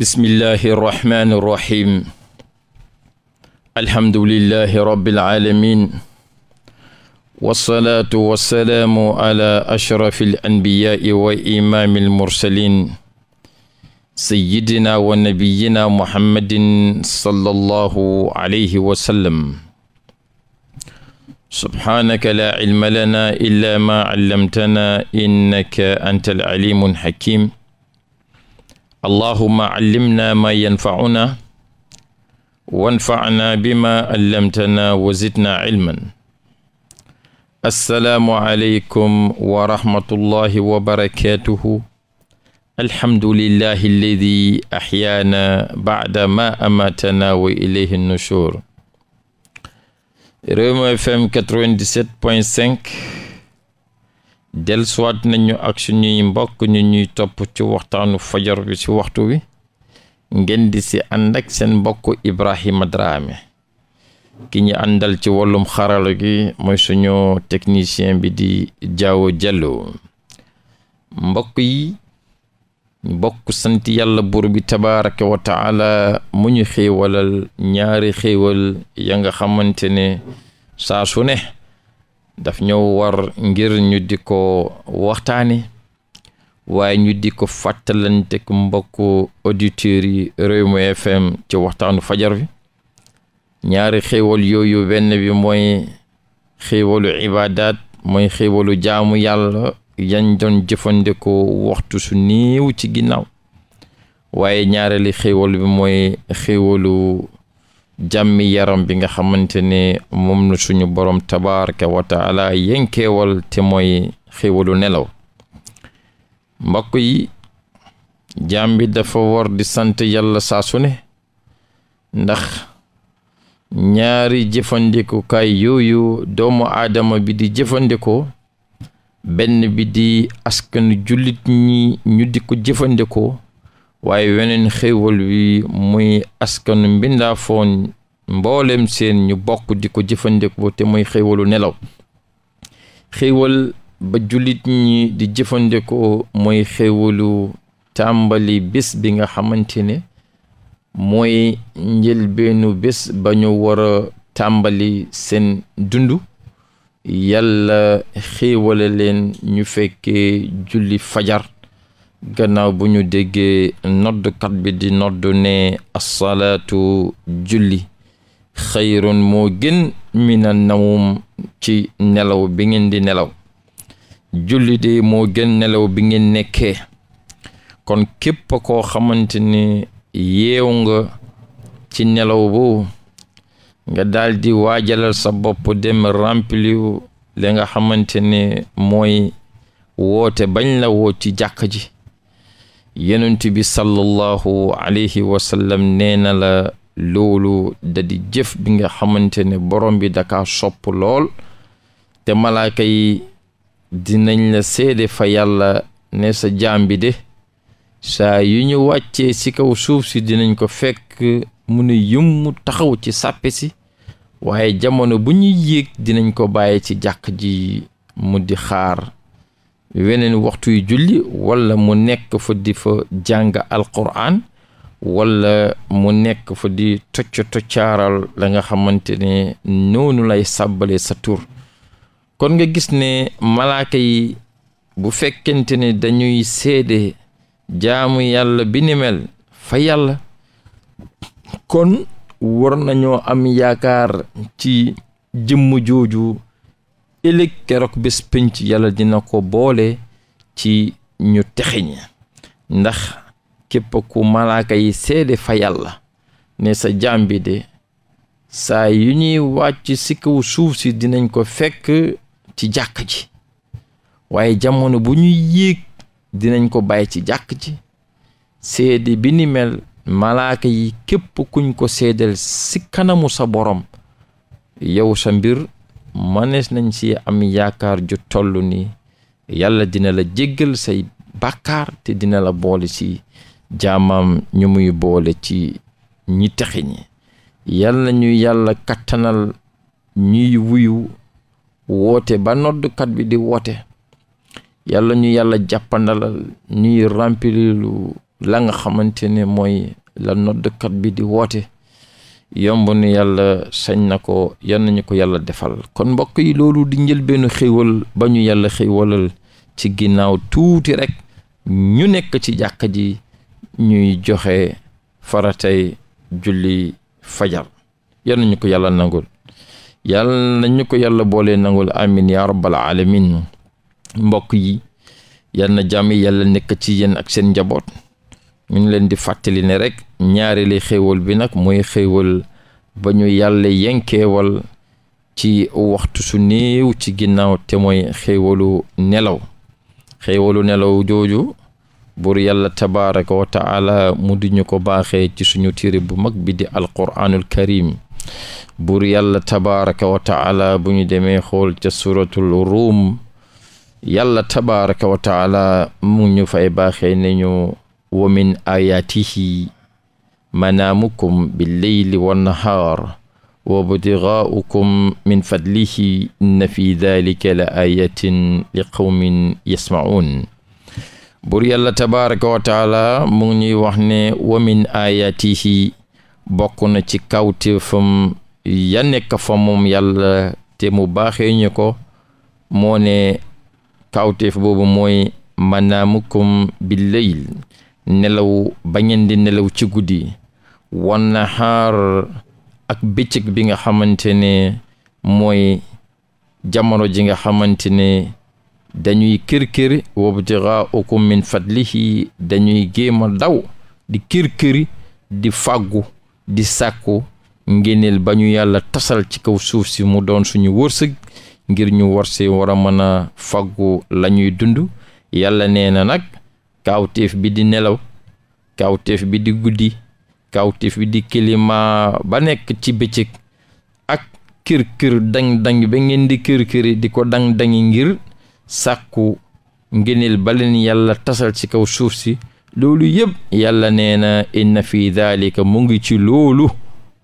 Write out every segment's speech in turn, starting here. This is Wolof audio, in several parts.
bismillahi irrahmani irrahim alhamdulillahi rabbilalamin walsalaatu walsalaamu ala ashrafi alanbiyaai wa imaami almursalin sayidina wa nabiyina muhammadin sallallahu alayhi wa sallam subhaanaka laa cilma lana illa ma callamtana innaka anta alcalimu alxakim allahuma callimna maa yanfacuna wanfacna bima allamtana wa zidna cilman assalaamu aleykum wa rahmatullahi wa barakatuhu alhamdulillahi alladi axyaana bacda ma amatana wa ilayhi nushur Rewmi FM 97.5 dellusiwaat nañu ak suñuy mbokk ñu ñuy topp ci waxtaanu fajar bi ci waxtu wi ngeen di ci ànd ak seen mbokk Ibrahima Dramé ki ñu àndal ci wàllum xarala gi mooy suñu technicien bi di Jaawo Jallo mbokk yi mbokk sant yàlla buur bi tabaaraka wa taala mu ñu xéewalal ñaari xéewal ya nga xamante ne saa su ne daf ñëw war ngir ñu di ko waxtaane waaye ñu di ko fàttalanteek mbokku auditeurs yi Rewmi ci waxtaanu fajar bi ñaari xéewal yooyu benn bi mooy xéewalu ibaadaat mooy xéewalu jaamu yàlla yañ doon jëfandikoo waxtu su néew ci ginnaaw waaye ñaareeli xéewal bi mooy xéewalu jàmmi yaram bi nga xamante ne moom la suñu borom tabaraka wa taala yénkeewal te mooy xéwalu nelaw mbokk yi jaam bi dafa war di sant yàlla saa ndax ñaari jëfandikukaay yooyu doomu aadama bi di jëfandikoo benn bi di askan jullit ñi ñu di ko jëfandikoo waaye weneen xéewal wi muy askanu mbindaafoon mboolem seen ñu bokk di ko jëfandikoo te muy xéewalu nelaw xéewal ba jullit ñi di jëfandikoo mooy xéewalu tàmbali bés bi nga xamante ne mooy njëlbeenu bés ba ñu wara tàmbali seen dund yàlla xéewale leen ñu fekkee julli fajar gannaaw bu ñu déggee noddkat bi di nodd ne asalaatu julli xayrun moo gën mina nawum ci nelaw bi ngeen di nelaw julli de moo gën nelaw bi ngeen nekkee kon képp koo xamante ne yeew nga ci nelaw boobu nga daldi waajalal sa bopp dem remplir li nga xamante ne mooy woote bañ la woo ci jàkk ji yonent bi sallallahu alayhi wa nee na la loolu da di jëf bi nga xamante ne borom bi daka sopp lool te malaaka yi dinañ la seede fa yàlla ne sa jaam bi de saa yu ñu wàccee ci kaw suuf si dinañ ko fekk mu ne yëmm taxaw ci sàppe si waaye jamono bu ñuy yéeg dinañ ko bàyyi ci jàq ji mu di xaar weneen waxtu yu julli wala mu nekk fa di fa jàng alquran wala mu nekk fa di tocc toccaaral la nga xamante ne noonu lay sàbbale sa tur kon nga gis ne malaaka yi bu fekkente ne dañuy seede jaamu yàlla bi fa yàlla kon war nañoo am yaakaar ci jëmm jooju ëllëg keroog bés pénc yàlla dina ko boole ci ñu texe ndax képp ku malaaka yi seede fa yàlla ne sa jaam bi de saa yu ñuy wàcc si kaw suuf si dinañ ko fekk ci jàkk ji waaye jamono bu ñuy yéeg dinañ ko bàyyi ci jàkk ji seede bi ni mel malaaka yi képp kuñ ko seedeel ci kanamu sa borom yow sa mbir mënees nañ si am yaakaar ju toll ni yàlla dina la jéggal say bàkkaar te dina la boole si jaamam ñu muy boole ci ñi texi ñi yàlla ñu yàlla kattanal ñuy wuyu woote ba noddukat bi di woote yàlla ñu yàlla jàppandal ñuy remplir la nga xamante ne mooy la noddukat bi di woote yomb na yàlla sañ na ko yan nañu ko yàlla defal kon mbokk yi loolu di njëlbeenu xéwal ba ñu yàlla xéwalal ci ginnaaw tuuti rek ñu nekk ci jàkka ji ñuy joxe faratay julli fajar yan nañu ko yàlla nangul yàlla nañu ko yàlla boole nangul amin ya rabbal mbokk yi yal na jàmm yàlla nekk ci yéen ak seen njaboot mu ngi leen di fàttali ne rek ñaareeli xéewal bi nag mooy xéewal ba ñu yàlla yenkeewal ci waxtu su néew ci ginnaaw te mooy xéewalu nelaw xéewalu nelaw jooju buur yàlla tabaraka wa mu duñu ko baaxee ci suñu téere bu mag bi di alquraanul karim buur yàlla tabaraka wa taala bu ñu demee xool ca suratul ruum yàlla tabaraka wa mu ñu fay baaxee ne ñu wa min ayaatihi manaamukum billeyli wannahaar wa btigaaukum min fadlihi inna fi dalika la ayatin li qawmin yasmaun buur yàlla tabaraka wa taala mu ngi ñuy wax ne wa min ayaatihi bokk ci kawtifam ya nekk fa moom yàlla te mu baaxee ñu ko moo kawtif boobu mooy manaamukum billeyl nelaw ba ngeen di nelaw ci guddi wan na xaar ak bëccëg bi nga xamante ne mooy jamono ji nga xamante ne dañuy kër-këri wabtigha'ukum min fadlihi dañuy géema daw di kër-këri di fàggu di sakku ngéneel ba ñu yàlla tasal ci kaw suuf si mu doon suñu wërsëg ngir ñu warse war a mën a fàggu la ñuy dund yàlla nee na nag kawteef bi di nelaw kawteef bi di guddi kawteef bi di kilima ba nekk ci bëccëg ak kër-kër dang-dang ba ngeen di kër-këri di ko dang-dangi ngir sàkku ngëneel ba leen yàlla tasal ci kaw suuf si loolu yépp yàlla nee na inna fi daalika mu ngi ci loolu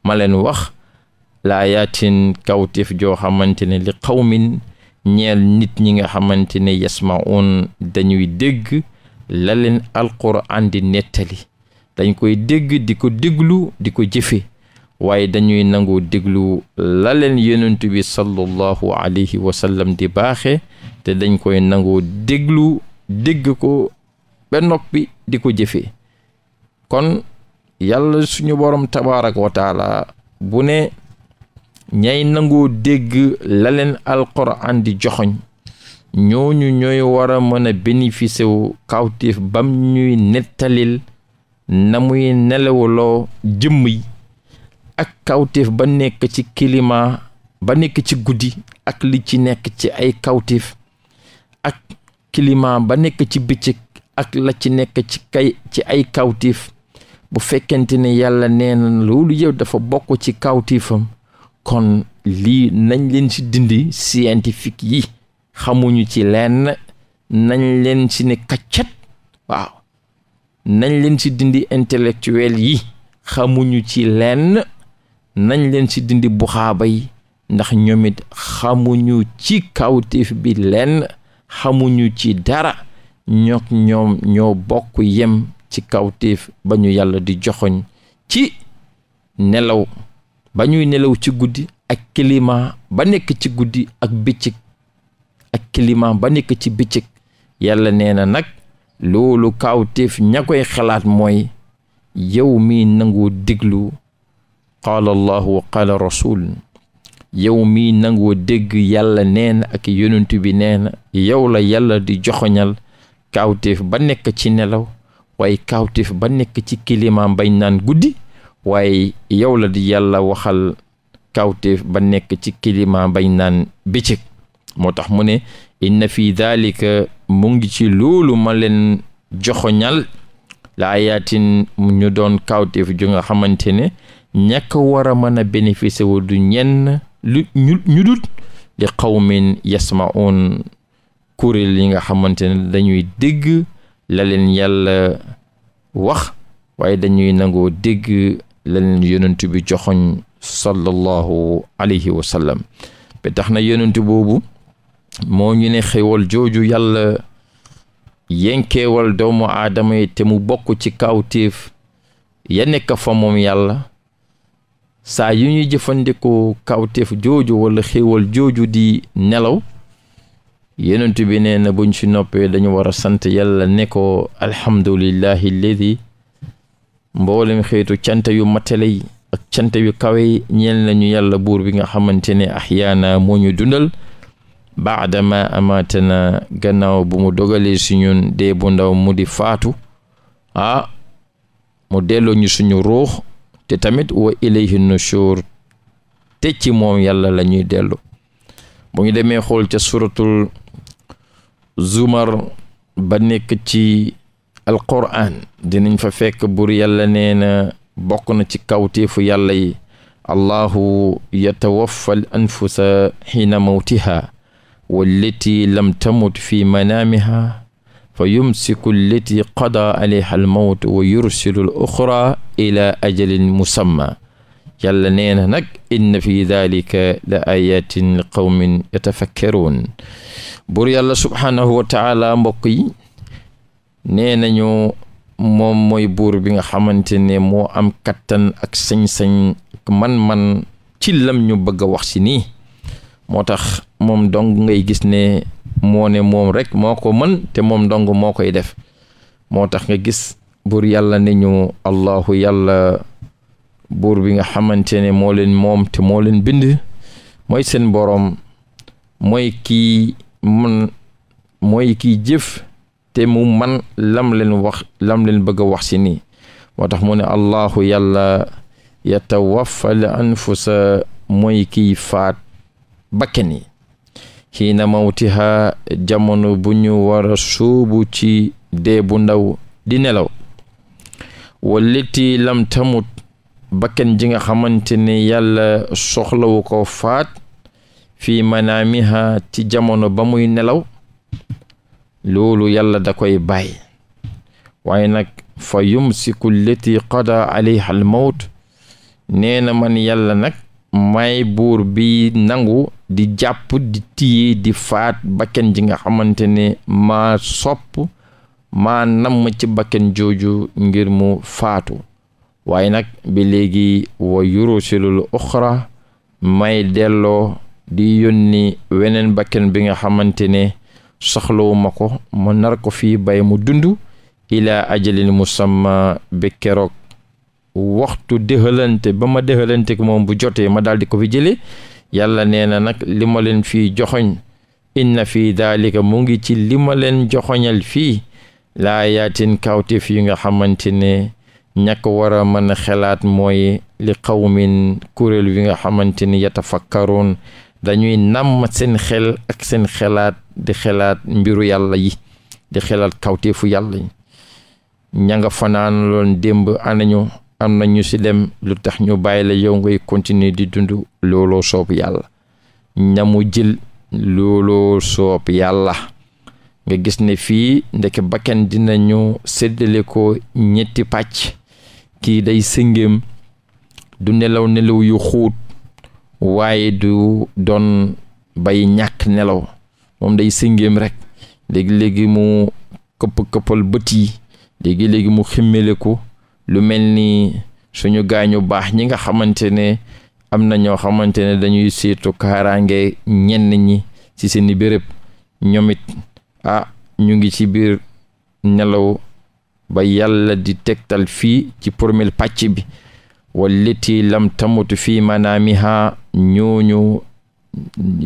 ma leen wax laayaatin kawtif joo xamante ne li xawmin ñeel nit ñi nga xamante yasmaun dañuy dégg la leen alquran di nettali dañ koy dégg di ko déglu di ko jëfe waaye dañuy nangu déglu la leen yonent bi sallallahu alayhi wa di baaxe te dañ koy nangu déglu dégg ko ba noppi di ko jëfee kon yàlla suñu borom tabaaraka wa bu ne ñay nangoo dégg la leen di joxoñ ñooñu ñooy war a mën a bénéficier wu kawtéef bam ñuy nettalil na muy nelawuloo jëmm yi ak kawtéef ba nekk ci climat ba nekk ci guddi ak li ci la ci nekk ci ay kawtif bu fekkente ne yàlla nee na loolu yëpp dafa bokk ci kawtifam kon lii nañ leen ci dindi scientifique yi xamuñu ci lenn nañ leen ci ne kaccat waaw nañ leen ci dindi intellectuel yi xamuñu ci lenn nañ leen ci dindi buxaaba yi ndax ñoomit it xamuñu ci kawtiif bi lenn xamuñu ci dara ñoog ñoom ñoo bokk yem ci kawtif ba ñu yàlla di joxoñ ci nelaw ba ñuy nelaw ci guddi ak climat ba nekk ci guddi ak bëccëg ak climat ba nekk ci bëccëg yàlla nee na nag loolu kaawteef ña koy xalaat mooy yow mi nangoo déglu qaala allahu wa qaala rasul yow mii nangoo dégg yàlla nee na ak yonent bi nee na yow la yàlla di joxoñal kaawteef ba nekk ci nelaw waaye kaawteef ba nekk ci climat bañ naan guddi waaye yow la di yàlla waxal kaawteef ba nekk ci climat bañ naan bëccëg moo tax mu ne inna fi daalika mu ngi ci loolu ma joxoñal la ñu doon kawteef ju nga xamante ne ñàkk war a mën a bénéficier wu du ñenn lu ñu ñu dut li qawmin yasmaun kuréel yi nga xamante ne dañuy dégg la leen yàlla wax waaye dañuy nangoo dégg la leen bi joxoñ sallallahu alayhi wa sallam tax na yonent boobu moo ñu ne xéwal jooju yàlla yenkeewal doomu aadama yi te mu bokk ci kawtéef ya nekk fa moom yàlla saa yu ñuy jëfandikoo kawtéef jooju walla xéwal jooju di nelaw yonent bi nee na buñ ci noppee dañu war a sant yàlla ne ko alhamdulillahi alladi mboolem xeetu cant yu matale yi ak cant yu kawe yi ñeel nañu yàlla buur bi nga xamante ne ahyaana moo ñu dundal baadama amatana gannaaw bu mu dogalee si ñun dee bu ndaw mu di faatu ah mu delloo ñu suñu ruux te tamit wa ilayhi nushur te ci moom yàlla la ñuy dellu bu ñu demee xool ca suratul zumar ba nekk ci alquran dinañ fa fekk bur yàlla nee na bokk na ci kawteefu yàlla yi allahu yatawaffa al anfusa xiina mawtiha wallati lam tamut fi manaamiha fa yumsiku allati qada alayha almawt wa yursilu al ila ajalin musamma yàlla nee na nag inna fi dalika la ayatin li qawmin yatafakkaruun buur yàlla subhaanahu wa taala mbokk yi nee nañu moom mooy buur bi nga xamante ne moo am kattan ak sañ-sañ man-man ci lam ñu bëgg a wax si nii moo tax moom dong ngay gis ne moo ne moom rek moo ko man te moom dong moo koy def moo tax nga gis buur yàlla ne ñu allahu yàlla buur bi nga xamante ne moo leen moom te moo leen bind mooy seen boroom mooy kii mën mooy kii jëf te mu man lam leen wax lam leen bëgg a wax si nii moo tax mu ne allahu yàlla yatawafal anfusa mooy kiy faat bakken yi xiina mawtiha jamono bu ñu war a suubu ci dee bu ndaw di nelaw walliti lam tamut bakken ji nga xamante ne yàlla soxlawu ko faat fii manaamiha ci jamono ba muy nelaw loolu yàlla da koy bàyyi waaye nag fa yumsiku lati qada alayha al mawt nee man yàlla nag may buur bi nangu di jàpp di tiye di faat bakken ji nga xamante ne maa sopp maa namm ci bakken jooju ngir mu faatu waaye nag bi léegi wa yurusilul uxra may delloo di yónni weneen bakken bi nga xamante ne soxlawuma ko mu nar ko fi bay mu dund ilaa ajalin musamma bi keroog waxtu dëxalante ba ma dëxalante ko moom bu jotee ma daal di ko fi jëlee yàlla nee na nag limaleen ma fii joxoñ inna fii daalika mu ngi ci li ma leen joxoñal fii laa yaatin kawtif yi nga xamante ne ñàkk war a mën a xelaat mooy li xawmin kuréel wi nga xamante ni yatafakkaroon dañuy nàmm seen xel ak seen xelaat di xelaat mbiru yàlla yi di xelaat kawtifu yàlla yi ña nga fanaan loon démb anañu am na ñu si dem lu tax ñu bàyyi la yow ngay continuer di dund looloo soob yàlla ñamu jël looloo soob yàlla nga gis ne fii ndeke bakken dinañu séddale ko ñetti pàcc kii day sëngéem du nelaw nelaw yu xuut waaye du doon bay ñàkk nelaw moom day sëngéem rekk léegi-léegi mu këpp-këppal bët yi léegi-léegi mu ximmele ko lu mel ni suñu gaañu baax ñi nga xamante ne am na ñoo xamante ne dañuy siitu kaaraange ñenn ñi ci seeni béréb ñoom it ah ñu ngi ci biir nelaw ba yàlla di tegtal fii ci premier pàcc bi walliti lam tamutu fii manaamiha ñooñu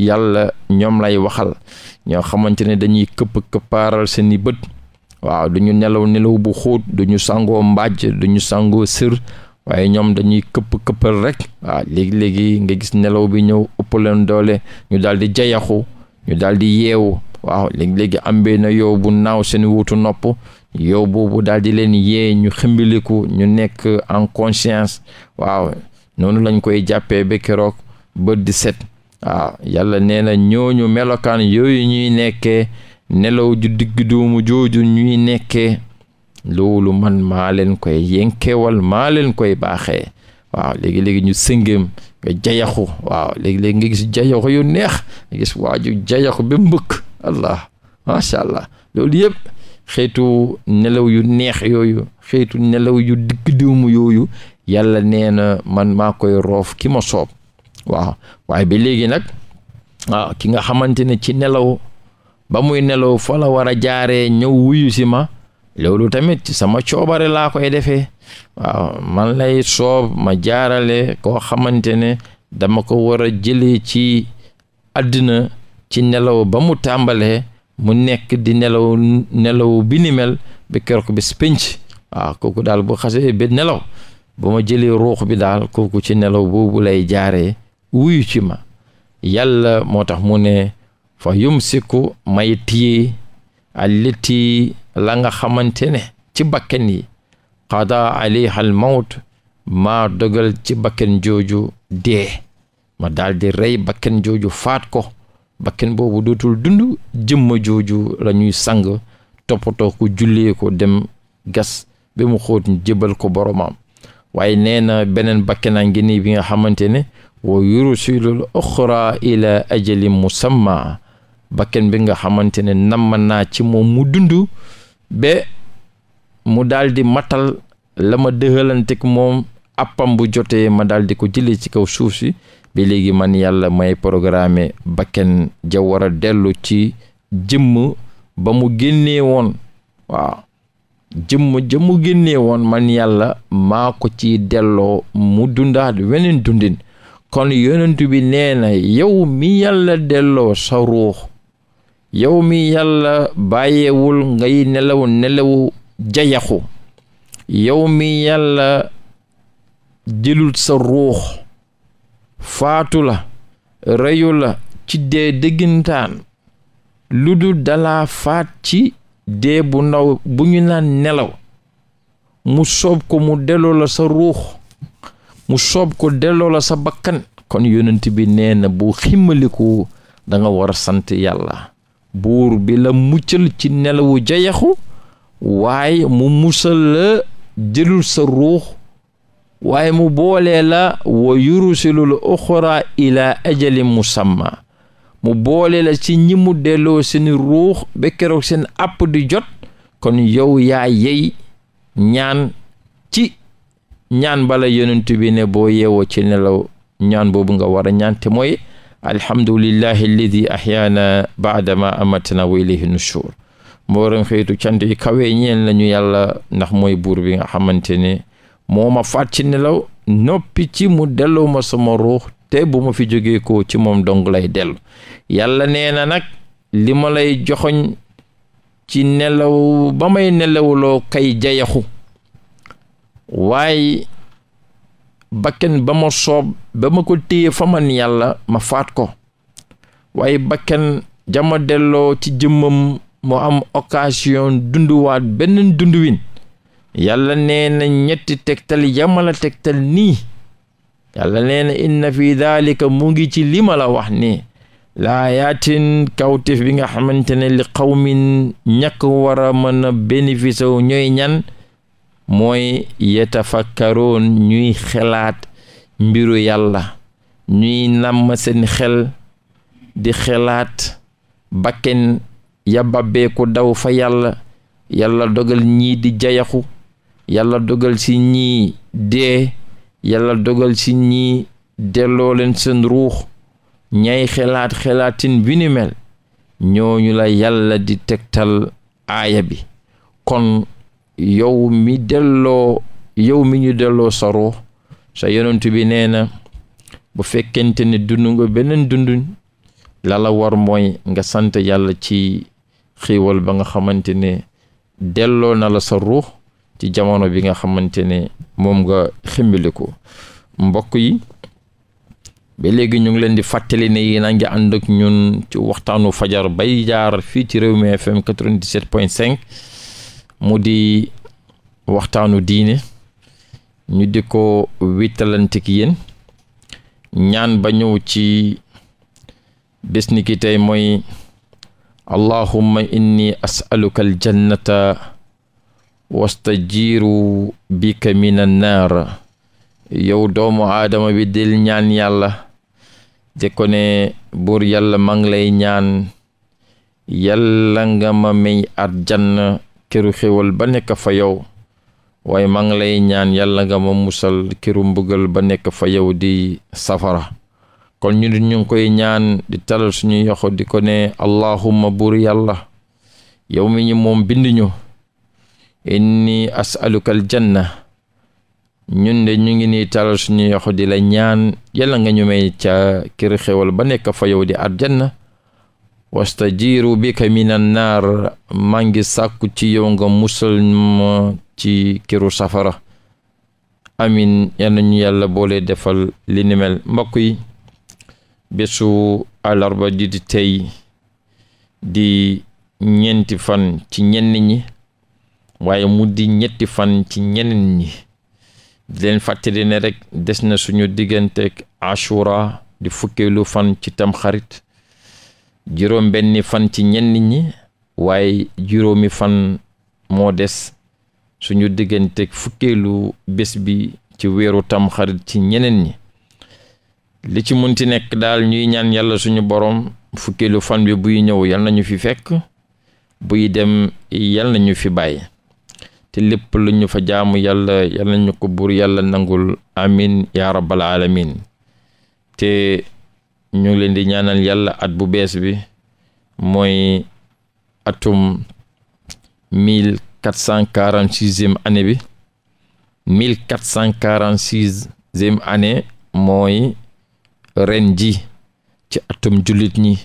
yàlla ñoom lay waxal ñoo xamante ne dañuy këpp këppaaral seeni bët waaw du ñu nelaw nelaw bu xuut du ñu sangoo mbàjj du ñu sangoo sër waaye ñoom dañuy këpp këppal rek waaw léegi léegi nga gis nelaw bi ñëw ëpp leen doole ñu daal di jayaxu ñu daal di yeewu waaw léegi léegi ambee na yow bu naaw seen wuutu nopp yow boobu daal di leen yee ñu ximbiliku ñu nekk en conscience waaw noonu lañ koy jàppee ba keroog bët di set waaw yàlla nee na ñooñu melokaan yooyu ñuy nekkee. nelaw ju digg doomu jooju ñuy nekke loolu man maa leen koy yenkewal maa leen koy baaxee waaw léegi-léegi ñu sëngéem nga jayaxu waaw léegi-léegi nga gis jayaxu yu neex nga gis waaju jayaxu ba mbëkk allah macha allah loolu yépp xeetu nelaw yu neex yooyu xeetu nelaw yu digg doomu yooyu yàlla nee na man maa koy roof ki ma soob waaw waaye ba léegi nag waaw ah, ki nga xamante ne ci nelaw ba muy nelaw fa la war a jaaree ñëw wuyu si ma loolu tamit sama coobare laa koy defee waaw man lay soob ma jaarale koo xamante ne dama ko war a jëlee ci àddina ci nelaw ba mu tàmbalee mu nekk di nelaw nelaw bi ni mel bi keroog bis pénc waaw kooku daal bu xasee ba nelaw bu ma jëlee ruux bi daal kooku ci nelaw boobu lay jaaree wuyu ci ma yàlla moo tax mu ne fa yumsiku may tiye allati la nga xamante ne ci bakken yi qada alayha al mawt maa dogal ci bakken jooju dee ma daldi rey bakken jooju faat ko bakken boobu dootul dund jëmm jooju la ñuy sang toppatoo ko jullee ko dem gas bi mu xóot jëbal ko boroomam waaye nee na beneen bakkenaa ngi nii bi nga xamante ne wa yurusilul oxra ila ajali musamma bakken bi nga xamante ne namm naa ci moom mu dundu ba mu daldi matal la ma dëxalantek moom appam bu jotee ma daldi ko jëlee ci kaw suuf si ba léegi man yàlla may programme bakken ja war a dellu ci jëmm ba mu génne woon waaw jëmm ja mu génnee woon man yàlla maa ko ci delloo mu dundaat weneen dundin kon yonent bi nee na mi yàlla delloo sa ruux yow mi yàlla bàyyeewul ngay nelaw nelawu jayaxu yow mi yàlla jëlul sa ruux faatu la reyu la ci dee dëggintaan lu dul dalaa faat ci dee bu ndaw bu ñu naan nelaw mu soob ko mu delloo la sa ruux mu soob ko delloo la sa bakkan kon yonent bi nee na bu ximmaliku da nga war a sant yàlla buur bi la muccal ci nelawu jayaxu waaye mu musal la jëlul sa ruux waaye mu boolee la wa yurusilul oxra ila ajali musamma mu boole la ci ñi mu delloo seeni ruux ba keroog seen app di jot kon yow yaa yey ñaan ci ñaan bala yonent bi ne boo yeewoo ci nelaw ñaan boobu nga war a ñaan mooy alhamdulillahi alladi ahyaana baadama amatana wa ilayhi nushur mboolem xeetu cant yi kawee ñeen lañu yàlla ndax mooy buur bi nga xamante ne moo ma faat nelaw noppi ci mu delloo ma sama ruux te bu ma fi jógee ci moom dong lay dellu yàlla nee na nag li ma lay joxoñ ci nelaw ba may nelawloo kay jayaxu waaye bakken ba ma soob ba ko téye fa man yàlla ma faat ko way bakken jama delloo ci jëmmam moo am occasion dunduwaat benn dunduwin yàlla nee na ñetti tegtal yamala tegtal nii yàlla nee na inna fi daalika mu ngi ci li ma la wax nii laayaatin kawtif bi nga xamante ne li xawmin ñàkk war a mën a bénéfice ñooy ñan mooy yetafakkaroon ñuy xelaat mbiru yàlla ñuy nàmm seen xel di xelaat bakken ya babbeeku daw fa yàlla yàlla dogal ñii di jayaxu yàlla dogal ci ñii dee yàlla dogal ci ñii delloo leen seen ruux ñay xelaat xelaatin bi ni mel ñooñu la yàlla di tegtal aaya bi kon yow mi delloo yow mi ñu delloo sa ruux sa yonent bi nee na bu fekkente ne dund nga beneen dunduñ la la war mooy nga sant yàlla ci xiiwal ba nga xamante ne delloo na la sa ruux ci jamono bi nga xamante ne moom nga ximbiliku mbokk yi ba léegi ñu ngi leen di fàttali ne yéen a ngi ànd ak ñun ci waxtaanu fajar bay jaar fii ci réew Rewmi FM 97.5 mu di waxtaanu diine ñu di ko wittalantik yéen ñaan ba ñëw ci bés ni ki tey mooy allahumma inni asaluka wasta jiiru bika min annaar yow doomu aadama bi del ñaan yàlla di ko ne buur yàlla ma lay ñaan yàlla nga ma may arjanna këru xéwal ba nekk fa yow waaye maa ngi lay ñaan yàlla nga ma musal këru mbugal ba nekk fa yow di safara kon ñu ñu ngi koy ñaan di talal suñu yoxo di ko ne allahumma buur yàlla yow mi ñu moom binduñu ñu inni asaluka al janna ñun de ñu ngi nii talal suñu yoxo di la ñaan yàlla nga ñu may ca kër xewal ba nekk fa yow di aljanna wastajiru bika minan naar maa ngi sàkku ci yow nga musal ci këru safara amin yal na yàlla boole defal li mbakku yi bésu alarba di tey di ñeenti fan ci ñenn ñi waaye mu di ñetti fan ci ñeneen ñi di leen fàttali ne rek des na suñu digganteeg ashura di fukkeelu fan ci tamxarit juróom benni fan ci ñenn ñi waaye juróomi fan moo des suñu diggante fukkeelu bés bi ci weeru tamxarit ci ñeneen ñi li ci munti nekk daal ñuy ñaan yàlla suñu boroom fukkeelu fan bi buy ñëw yal nañu fi fekk buy dem yal nañu fi bàyyi te lépp lu ñu fa jaamu yàlla yal nañu ko buur yàlla nangul amin yaa alamin te ñu ngi leen di ñaanal yàlla at bu bees bi mooy atum mille quatre quarante sixième année bi mille quatre cent quarante sixième année mooy ren ji ci atum jullit ñi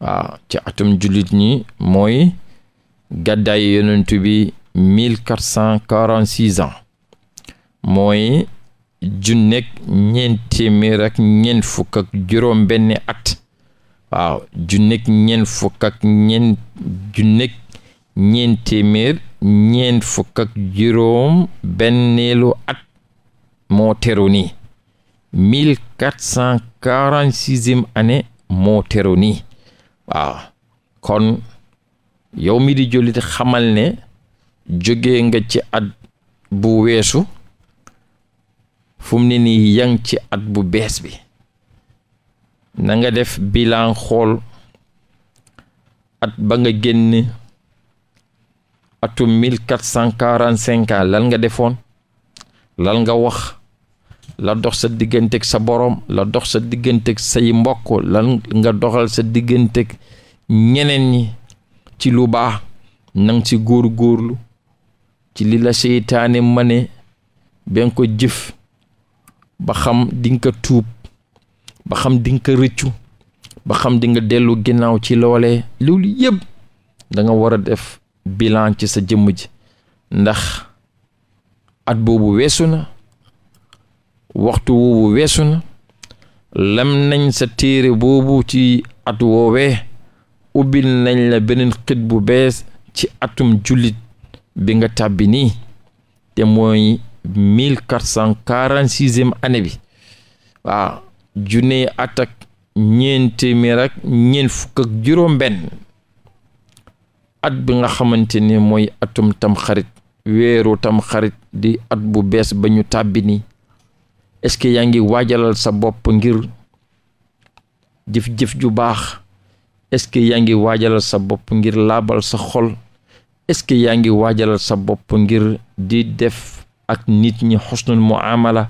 waaw ci atum jullit ñi mooy gàddaay yonentu bi mille quatre cent quarante six mooy junneeg ñeent téeméer ak ñeent fukk ak benn at waaw junneeg ñeent fukk ak ñeent junneeg ñeent téeméer ñeent fukk ak juróom at moo teru nii mille quatre année moo waaw kon yow mi di jullit ne jóge nga ci at bu weesu fu mu ne nii yang ci at bu bees bi na nga def bilan xool at ba nga génn atum mille quatre cent lan nga defoon lan nga wax la dox sa digganteeg sa boroom la dox sa digganteeg say mbokk lan nga doxal sa digganteeg ñeneen ñi ci lu baax nang ci góor góorlu ci li la seytaane ma ne ben ko jëf ba xam di nga tuub ba xam di dellu ginnaaw ci loole loolu yépp danga nga war a def bilan ci sa jëmm ji ndax at boobu weesu na waxtu woowu weesu na lam nañ sa téere boobu ci at woowee ubbil nañ la beneen xit bu bees ci atum jullit bi nga tàbbi nii te mooy mille quatre cent quarante sixième année bi waaw junne at ak ñeent téeméer ak ñeent fukk ak juróom-benn at bi nga xamante ni mooy atum tamxarit weeru tamxarit di at bu bees ba ñu tàbbi ni est-ce yaa ngi waajalal sa bopp ngir jëf-jëf ju baax est-ce yaa ngi waajalal sa bopp ngir laabal sa xol est-ce yaa ngi waajalal sa bopp ngir di def ak nit ñi xusnul muamala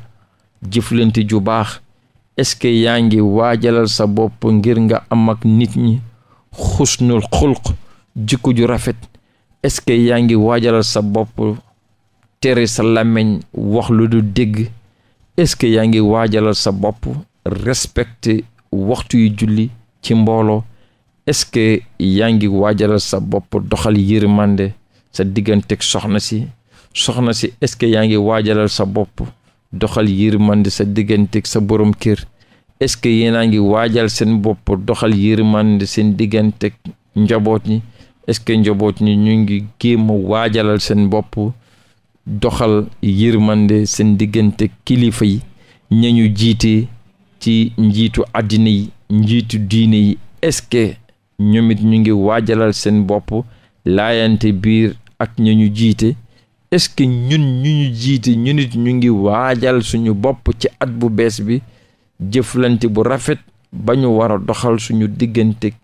jëflante ju baax est ce que yaa ngi waajalal sa bopp ngir nga am ak nit ñi xusnul xulq jikko ju rafet est ce que yaa ngi waajalal sa bopp tere sa làmmiñ wax lu du dégg est ce que yaa ngi waajalal sa bopp respecté waxtu yu julli ci mbooloo est ce que yaa ngi waajalal sa bopp doxal yërmande sa diggante digganteeg soxna si soxna si est ce que yaa ngi waajaral sa bopp doxal yërmande sa digganteeg sa borom kër est ce que yéenaa ngi waajal seen bopp doxal yërmande seen digganteeg njaboot ñi est ce que njaboot ñi ñu ngi géem a waajalal seen bopp doxal yërmande seen diggante kilifa yi ñañu jiite ci njiitu àddina yi njiitu diine yi est-ce que ñoom it ñu ngi waajalal seen bopp laayante biir ak ña ñu jiite est-ce que ñun ñu ñu jiite ñu nit ñu ngi waajal suñu bopp ci at bu bees bi jëflante bu rafet ba ñu war a doxal suñu diggante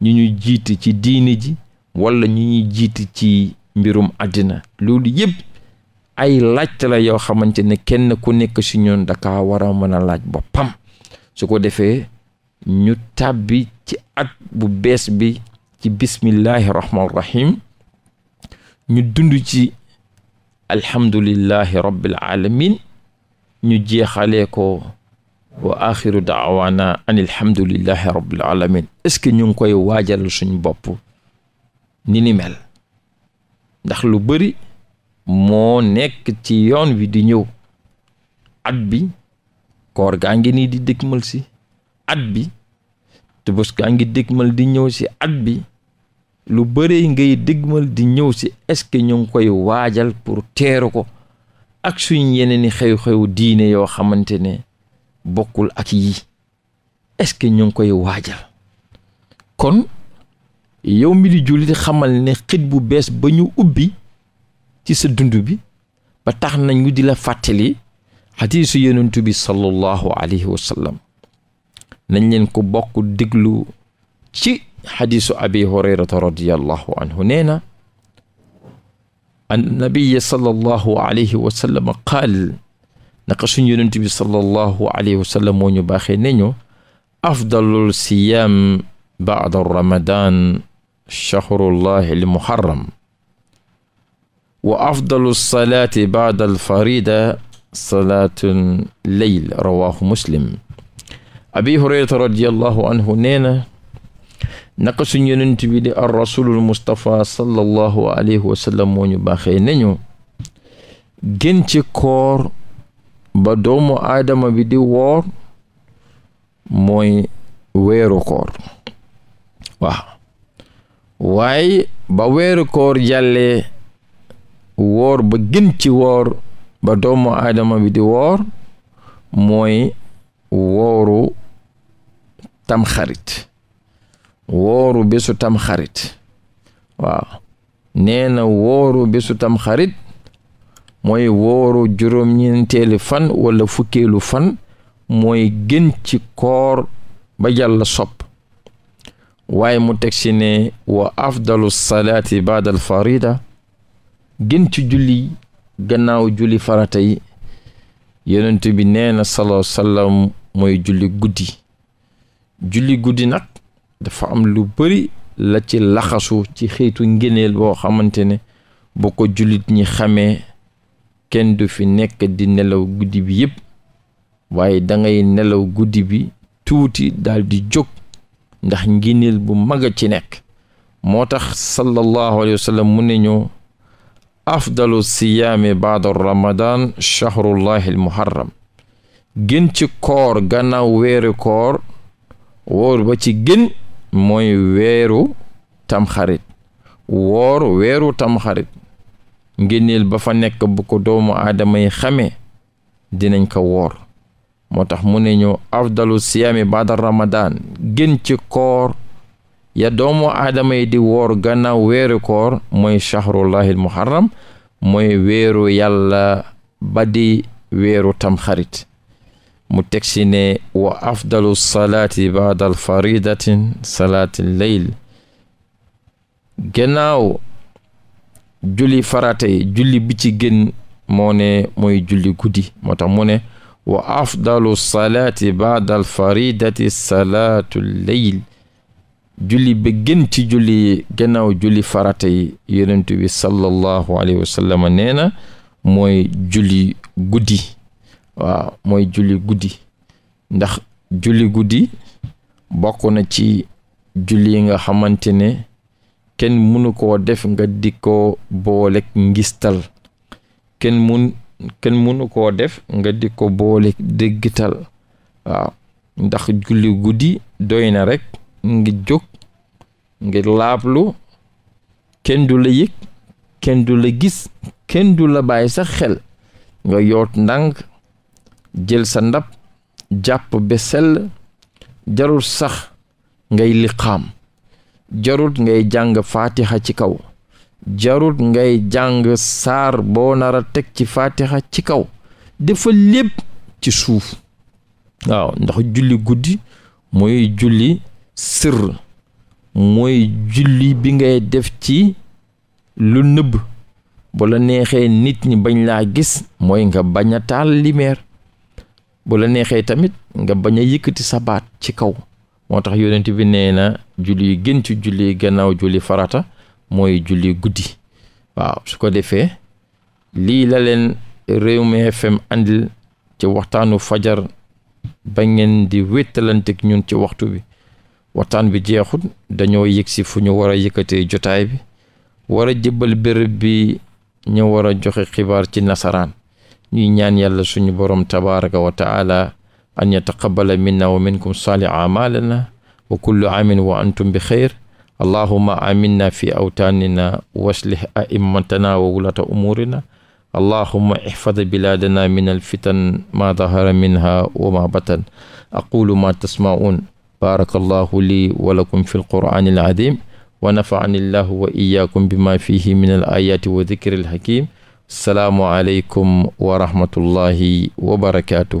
ñu ñu jiite ci diine ji wala ñu ñuy jiite ci mbirum àddina loolu yëpp ay laajte la yoo xamante ne kenn ku nekk si ñun daka war a mën a laaj boppam su ko defee ñu tàbbi ci at bu bees bi ci bismillahi rahmaani rahim ñu dund ci alhamdulillahi rabbil alamin ñu jeexalee ko wa axiru daawaana an alhamdulillahi rabbil alamin est-ce ñu ngi koy waajal suñu bopp ni ni mel ndax lu bari moo nekk ci yoon wi di ñëw at bi koor gaa ngi nii di dëkkmal si at bi tubus gaa ngi dëkkmal di ñëw si at bi lu bëri ngay dégmal di ñëw si est-ce que ñu ngi koy waajal pour teeru ko ak suñ yeneen i xew-xew diine yoo xamante ne bokkul ak yi est-ce que ñu ngi koy waajal kon yow mi di jullit xamal ne xit bu bees ba ñu ubbi ci sa dund bi ba tax na ñu di la fàttali xadiisu yonent bi sallallahu alayhi wa sallam leen ko bokk déglu ci xadiisu abi hurayrata radiallahu anhu nee na annabiya sallallahu alayhi wa sallam qaal naka suñ yonent bi sallallahu alayhi wa sallam moo ñu baaxee ne ñu afdalul siyaam baada ramadan chahrullahi almuharram wa afdalu salaati baada alfarida salaatun leyl rawahu muslim abi hurayrata radiallahu anhu nee na naka suñ yonent bi di ar rasulul mustapha sallallahu alayhi moo ñu baaxee nañu gën ci koor ba doomu aadama bi di woor mooy weeru koor waaw waaye ba weeru koor jàllee woor ba gën ci woor ba doomu aadama bi di woor mooy wooru tamxarit wooru bésu tam xarit waaw nee na wooru bésu tam mooy wooru juróom fan walla fukkeelu fan mooy gën ci koor ba jàll sopp waaye mu teg si ne wa afdalu salaati baadal farida gën ci julli gannaaw julli farata yi yonent bi nee na salaa sallam mooy julli guddi julli guddi nag dafa am lu bëri la ci laxasu ci xeetu ngëneel woo xamante ne bu ko jullit ñi xamee kenn du fi nekk di nelaw guddi bi yépp waaye dangay nelaw guddi bi tuuti daldi jóg ndax ngëneel bu mag a ci nekk moo tax sallallahu alayhi wa mu ne ñu afdalu siyaami baada ramadan chahrullahi al muharram gën ci koor gannaaw weeru koor woor ba ci gën mooy weeru tamxarit woor weeru tamxarit ngénneel ba fa nekk bu ko doomu aadama yi xame dinañ ko woor moo tax mu ne ñu afdalu siyaami baada ramadan gën ci koor ya doomu aadama yi di woor gannaaw weeru koor mooy shahrullahil muharram mooy weeru yàlla ba di weeru tamxarit mu teg si ne wa afdalu salaati baada faridatin salaati leyl gannaaw julli farata yi julli bi ci gën moo ne mooy julli guddi moo mu ne wa afdalu salaati baada faridati salaatu leyl julli ba gën ci juli gannaaw julli farata yi bi sallallahu alayhi wa sallam nee na mooy waaw mooy julli guddi ndax julli guddi bokk na ci julli yi nga xamante ne kenn mënu koo def nga di ko booleeg ngistal kenn mënu koo def nga di ko booleeg déggital waaw ndax julli guddi doy na rekk ngi jóg ngir laablu kenn du la yëg kenn du la gis kenn du la bàyyi sax xel nga yoot ndànk jël sa ndab jàpp ba sell jarul sax ngay liqaam jarul ngay jàng faatixa ci kaw jarul ngay jàng saar boo nar a teg ci faatixa ci kaw defal lépp ci suuf waaw ndax julli guddi mooy julli sirr mooy julli bi ngay def ci lu nëbb bu la neexee nit ñi bañ laa gis mooy nga bañ a taal limeer bu la neexee tamit nga bañ a yëkkati sa ci kaw moo tax yonent bi nee na julli gën ci julli gannaaw julli farata mooy julli guddi waaw su ko defee lii la leen réew Rewmi FM andil ci waxtaanu fajar ba ngeen di wéttalanteeg ñun ci waxtu bi waxtaan bi jeexut dañoo yëg si fu ñu war a yëkkatee jotaay bi war a jébbal béréb bi ñu war a joxe xibaar ci nasaraan ñuy ñaan yàlla suñu borom tabaraka wa taala an yataqabala minna wa salih amalana wa kullu amin wa antum bi xeyr fi awtaanina wa aslih aimmatana wa wulata umuurina allahuma ihfad bilaadana ma dahara minha wa ma batan ma tasma'un baraka allahu li wa fi alqur'ani aladim wa nafa'ani allahu wa iyyakum bima fihi min alayati alhakim salaamualeykum wa rahmatullahi wa barakaatu.